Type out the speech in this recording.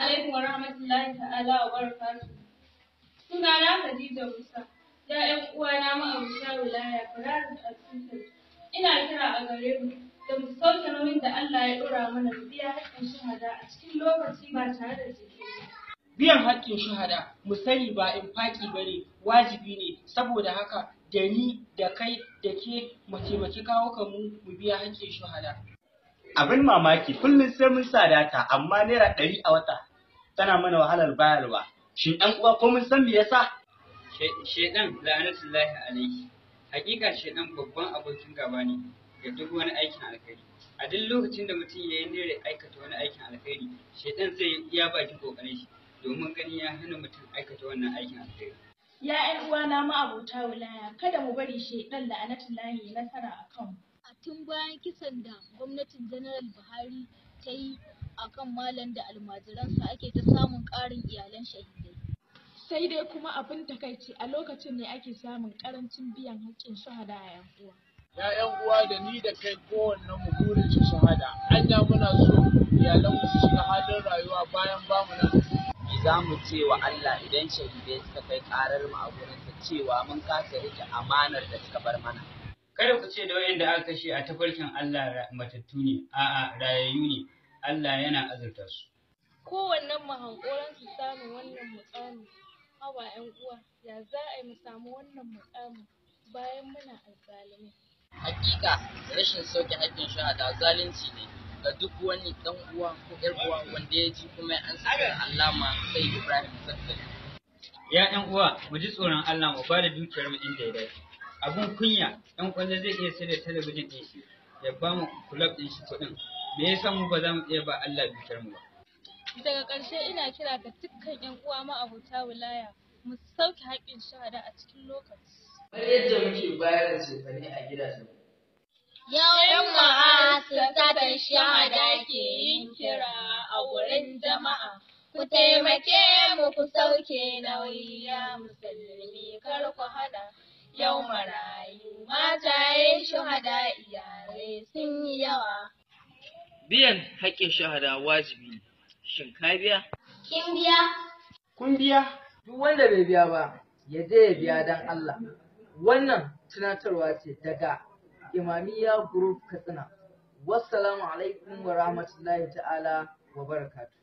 alaikum wa rahmatullahi ta'ala wa barakatuh. Sunana Khadija Musa, ya ‘yan uwana ma'abuta wilaya firarin al Ina kira a gare mu da mu sauke nauyin da Allah ya ɗora mana biya haƙƙin shahada a cikin lokaci ba tare da jiki. Biyan haƙƙin shahada mu sani ba in faƙi bane wajibi ne saboda haka da ni da kai da ke mu taimaki kawo kanmu mu biya haƙƙin shahada. Abin mamaki kullum sai mun sa data amma naira ɗari a wata Tana mana wahalar bayarwa shin ɗan uwa ko mun san me yasa shedan la'anatullahi alaihi hakika shedan babban abokin gaba ne ga duk wani aikin alkhairi a duk lokacin da mutum ya yi nere aikata wani aikin alkhairi shedan zai iya baki kokarin shi domin ganin ya hana mutum aikata wannan aikin alkhairi ya ƴan uwana ma abota wilaya kada mu bari shedan la'anatullahi nasara a A tun bayan kisan da gwamnatin janaral Buhari ta yi akan malam da almajiransa ake ta samun ƙarin iyalan shahidai. Sai dai kuma abin takaici a lokacin ne ake samun ƙarancin biyan haƙƙin shahada a yan uwa. ‘Ya'yan uwa da ni da kai kowanne mu burin su shahada, anya muna so iyalan su shiga halin rayuwa bayan bamu nan. za mu ce wa Allah idan shahidai suka kai ƙarar mu a gurinsa cewa mun kasa rike amanar da suka bar mana. kada ku ce da wayanda aka kashe a tafarkin Allah matattu ne a'a rayayyu ne Allah yana azurta su kowannen hankoran su samu wannan mutsami hawa yan uwa ya za a yi mu samu wannan mukamin bayan muna alzalimai hakika rashin sauke shi a zalunci ne ga duk wani dan uwa ko yar uwa wanda ya ji kuma an saka alama sai Ibrahim Zakari ya ɗan uwa mu ji tsoron Allah mu bada dukiyar mu inda ya dace abun kunya ɗan ƙwallo zai iya sai da talabijin ɗin shi ya ba mu kulab ɗin shi kuɗin me yasa mu ba za mu iya ba Allah bitar mu ba. Daga ƙarshe ina kira ga dukkan 'yan uwa ma abota wilaya mu sauke haƙƙin shahada a cikin lokaci. Kamar yadda muke bayar da cefane a gidajen. Yawan ma'aikatan shahada ke yin kira a wurin jama'a. Ku taimake mu ku sauke nauyi ya musulmi kar yau marayu mataye shahada iyalai sun yi yawa biyan haƙƙin shahada wajibi ne shin ka biya kin biya kun biya duk wanda bai biya ba ya je ya biya don Allah wannan tunatarwa ce daga imamiya group katsina wassalamu alaikum wa rahmatullahi ta'ala wa barakatu.